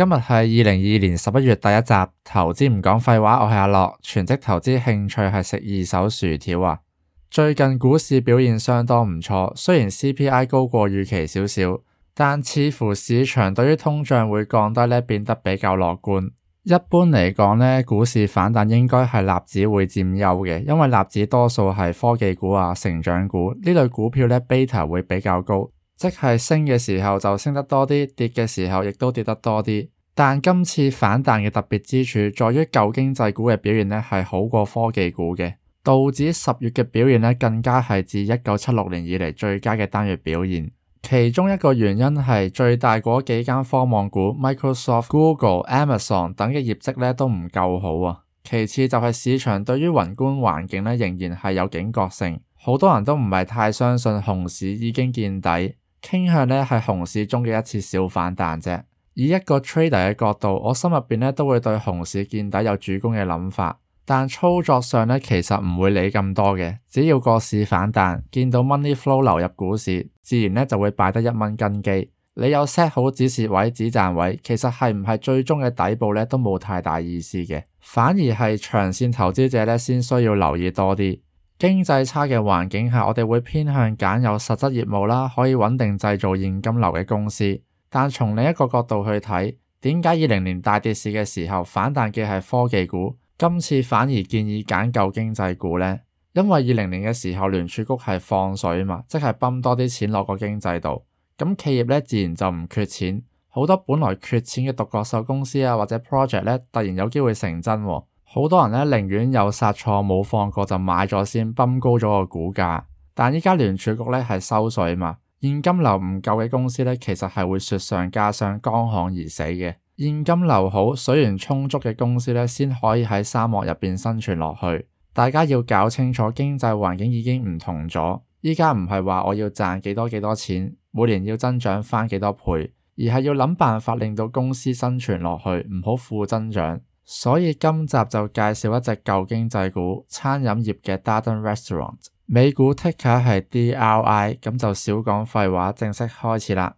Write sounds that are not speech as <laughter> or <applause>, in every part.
今日係二零二二年十一月第一集，投資唔講廢話，我係阿樂，全職投資興趣係食二手薯條啊！最近股市表現相當唔錯，雖然 CPI 高過預期少少，但似乎市場對於通脹會降低呢變得比較樂觀。一般嚟講呢，股市反彈應該係納指會佔優嘅，因為納指多數係科技股啊、成長股呢類股票呢 beta 會比較高。即係升嘅時候就升得多啲，跌嘅時候亦都跌得多啲。但今次反彈嘅特別之處，在於舊經濟股嘅表現呢係好過科技股嘅。道指十月嘅表現呢，更加係自一九七六年以嚟最佳嘅單月表現。其中一個原因係最大嗰幾間科網股 Microsoft、Google、Amazon 等嘅業績呢都唔夠好啊。其次就係市場對於宏觀環境呢仍然係有警覺性，好多人都唔係太相信熊市已經見底。傾向呢係熊市中嘅一次小反彈啫。以一個 trader 嘅角度，我心入邊呢都會對熊市見底有主攻嘅諗法，但操作上呢，其實唔會理咁多嘅。只要個市反彈，見到 money flow 流入股市，自然呢就會擺得一蚊，根基。你有 set 好止蝕位、止賺位，其實係唔係最終嘅底部呢都冇太大意思嘅。反而係長線投資者呢先需要留意多啲。經濟差嘅環境下，我哋會偏向揀有實質業務啦，可以穩定製造現金流嘅公司。但從另一個角度去睇，點解二零年大跌市嘅時候反彈嘅係科技股，今次反而建議揀舊經濟股呢？因為二零年嘅時候聯儲局係放水嘛，即係泵多啲錢落個經濟度，咁企業呢自然就唔缺錢，好多本來缺錢嘅獨角獸公司啊或者 project 呢，突然有機會成真喎，哦。好多人呢，寧願有殺錯冇放過就買咗先，崩高咗個股價。但依家聯儲局呢，係收水嘛，現金流唔夠嘅公司呢，其實係會雪上加霜，乾旱而死嘅。現金流好，水源充足嘅公司呢，先可以喺沙漠入邊生存落去。大家要搞清楚經濟環境已經唔同咗，依家唔係話我要賺幾多幾多錢，每年要增長翻幾多倍，而係要諗辦法令到公司生存落去，唔好負增長。所以今集就介紹一隻舊經濟股，餐飲業嘅 Darden Restaurant，美股 Ticker 係 d l i。咁就少講廢話，正式開始啦。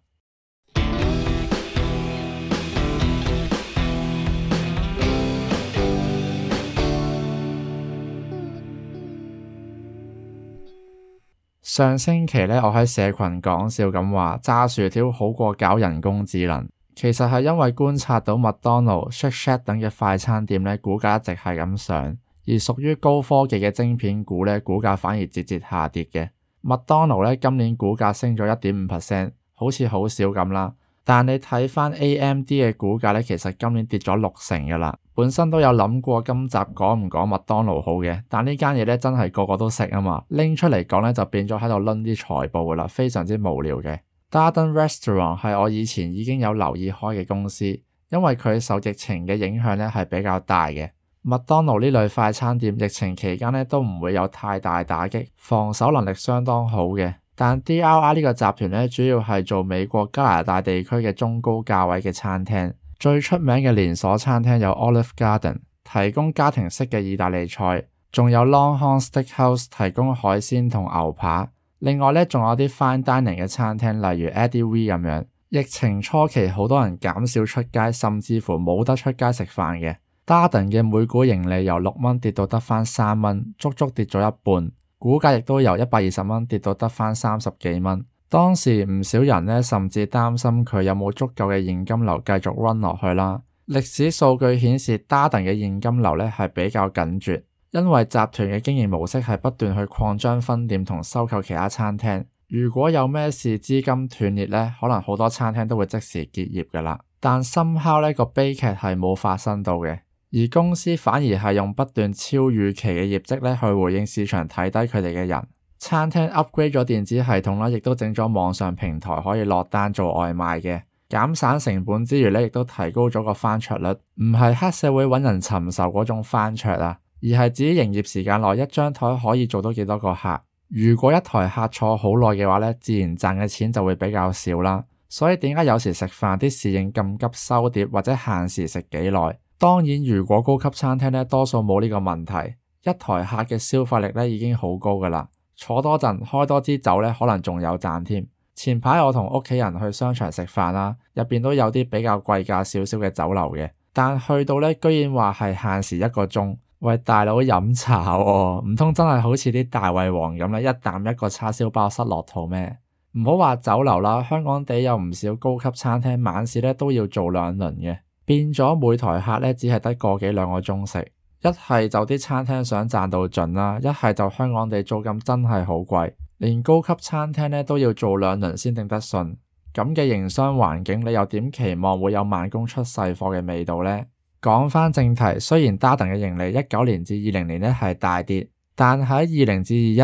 上星期呢，我喺社群講笑咁話炸薯條好過搞人工智能。其實係因為觀察到麥當勞、Shake Shack 等嘅快餐店呢，股價一直係咁上，而屬於高科技嘅晶片股呢，股價反而節節下跌嘅。麥當勞呢今年股價升咗一點五 percent，好似好少咁啦。但你睇翻 AMD 嘅股價呢，其實今年跌咗六成噶啦。本身都有諗過今集講唔講麥當勞好嘅，但呢間嘢呢真係個個都識啊嘛，拎出嚟講呢，就變咗喺度掄啲財報噶啦，非常之無聊嘅。Darden Restaurant 係我以前已經有留意開嘅公司，因為佢受疫情嘅影響咧係比較大嘅。麥當勞呢類快餐店疫情期間咧都唔會有太大打擊，防守能力相當好嘅。但 DRI 呢個集團咧主要係做美國加拿大地區嘅中高價位嘅餐廳，最出名嘅連鎖餐廳有 Olive Garden，提供家庭式嘅意大利菜，仲有 Longhorn Steakhouse 提供海鮮同牛扒。另外呢，仲有啲 fine dining 嘅餐廳，例如 Eddie V 咁樣。疫情初期，好多人減少出街，甚至乎冇得出街食飯嘅。Darden 嘅每股盈利由六蚊跌到得返三蚊，足足跌咗一半。股價亦都由一百二十蚊跌到得返三十幾蚊。當時唔少人呢，甚至擔心佢有冇足夠嘅現金流繼續 run 落去啦。歷史數據顯示，Darden 嘅現金流呢係比較緊絀。因為集團嘅經營模式係不斷去擴張分店同收購其他餐廳，如果有咩事資金斷裂咧，可能好多餐廳都會即時結業噶啦。但 somehow 呢個悲劇係冇發生到嘅，而公司反而係用不斷超預期嘅業績咧去回應市場睇低佢哋嘅人。餐廳 upgrade 咗電子系統啦，亦都整咗網上平台可以落單做外賣嘅，減省成本之餘咧，亦都提高咗個翻桌率，唔係黑社會揾人尋仇嗰種翻桌啊。而係自己營業時間內一張台可以做到幾多個客？如果一台客坐好耐嘅話咧，自然賺嘅錢就會比較少啦。所以點解有時食飯啲侍應咁急收碟或者限時食幾耐？當然，如果高級餐廳呢，多數冇呢個問題。一台客嘅消費力呢已經好高噶啦，坐多陣開多支酒咧，可能仲有賺添。前排我同屋企人去商場食飯啦，入面都有啲比較貴價少少嘅酒樓嘅，但去到呢，居然話係限時一個鐘。喂，大佬飲茶喎、哦，唔通真係好似啲大胃王咁咧，一啖一個叉燒包塞落肚咩？唔好話酒樓啦，香港地有唔少高級餐廳晚市咧都要做兩輪嘅，變咗每台客咧只係得個幾兩個鐘食。一係就啲餐廳想賺到盡啦，一係就香港地租金真係好貴，連高級餐廳咧都要做兩輪先頂得順。咁嘅營商環境，你又點期望會有慢工出細貨嘅味道咧？講返正題，雖然 Darden 嘅盈利一九年至二零年呢係大跌，但喺二零至二一、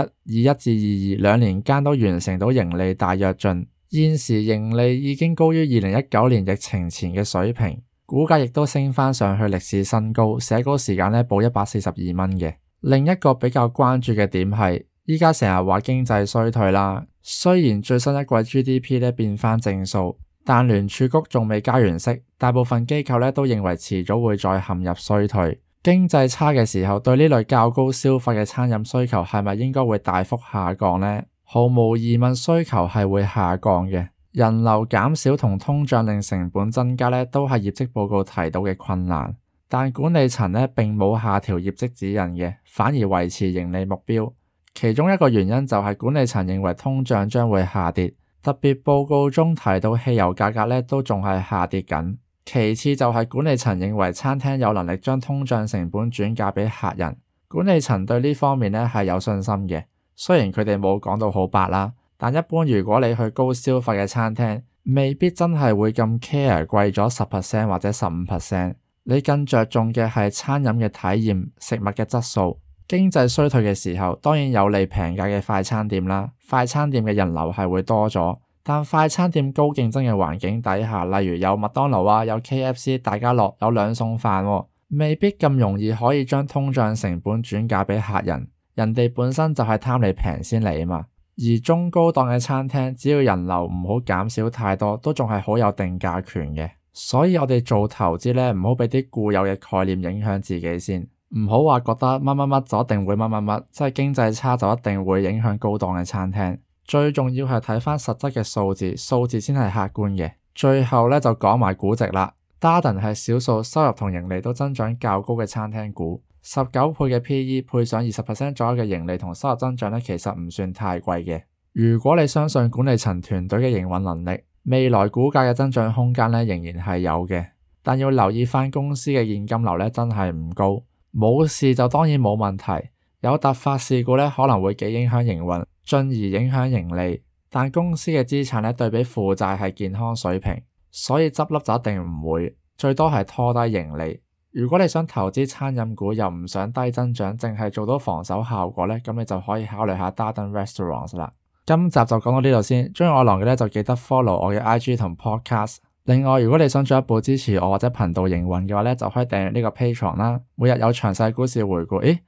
二一至二二兩年間都完成到盈利大躍進，現時盈利已經高於二零一九年疫情前嘅水平，股價亦都升返上去歷史新高，寫稿時間呢報一百四十二蚊嘅。另一個比較關注嘅點係，而家成日話經濟衰退啦，雖然最新一季 GDP 呢變翻正數。但聯儲局仲未加完息，大部分機構呢都認為遲早會再陷入衰退。經濟差嘅時候，對呢類較高消費嘅餐飲需求係咪應該會大幅下降呢？毫無疑問，需求係會下降嘅。人流減少同通脹令成本增加呢，都係業績報告提到嘅困難。但管理層呢並冇下調業績指引嘅，反而維持盈利目標。其中一個原因就係管理層認為通脹將會下跌。特別報告中提到汽油價格呢都仲係下跌緊，其次就係管理層認為餐廳有能力將通脹成本轉嫁畀客人，管理層對呢方面呢係有信心嘅，雖然佢哋冇講到好白啦，但一般如果你去高消費嘅餐廳，未必真係會咁 care 貴咗十 percent 或者十五 percent，你更着重嘅係餐飲嘅體驗、食物嘅質素。經濟衰退嘅時候，當然有利平價嘅快餐店啦。快餐店嘅人流係會多咗，但快餐店高競爭嘅環境底下，例如有麥當勞啊、有 KFC、大家樂、有兩餸飯喎，未必咁容易可以將通脹成本轉嫁畀客人。人哋本身就係貪你平先嚟啊嘛。而中高檔嘅餐廳，只要人流唔好減少太多，都仲係好有定價權嘅。所以我哋做投資呢，唔好畀啲固有嘅概念影響自己先。唔好話覺得乜乜乜就一定會乜乜乜，即係經濟差就一定會影響高檔嘅餐廳。最重要係睇翻實質嘅數字，數字先係客觀嘅。最後咧就講埋估值啦。Darden 係少數收入同盈利都增長較高嘅餐廳股，十九倍嘅 PE 配上二十 percent 左右嘅盈利同收入增長咧，其實唔算太貴嘅。如果你相信管理層團隊嘅營運能力，未來股價嘅增長空間咧仍然係有嘅，但要留意翻公司嘅現金流咧真係唔高。冇事就當然冇問題，有突發事故咧可能會幾影響營運，進而影響盈利。但公司嘅資產咧對比負債係健康水平，所以執笠就一定唔會，最多係拖低盈利。如果你想投資餐飲股又唔想低增長，淨係做到防守效果呢，咁你就可以考慮下 Darden Restaurants 啦。今集就講到呢度先，鍾意我郎嘅咧就記得 follow 我嘅 IG 同 Podcast。另外，如果你想進一步支持我或者頻道營運嘅話咧，就可以訂閱呢個 Patreon 啦。每日有詳細股市回顧，誒，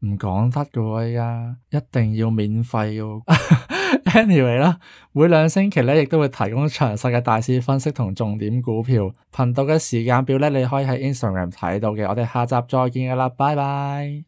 唔講得噶喎依家，一定要免費噶。 <laughs> Anyway 啦，每兩星期咧亦都會提供詳細嘅大市分析同重點股票。頻道嘅時間表咧，你可以喺 Instagram 睇到嘅。我哋下集再見㗎啦，拜拜。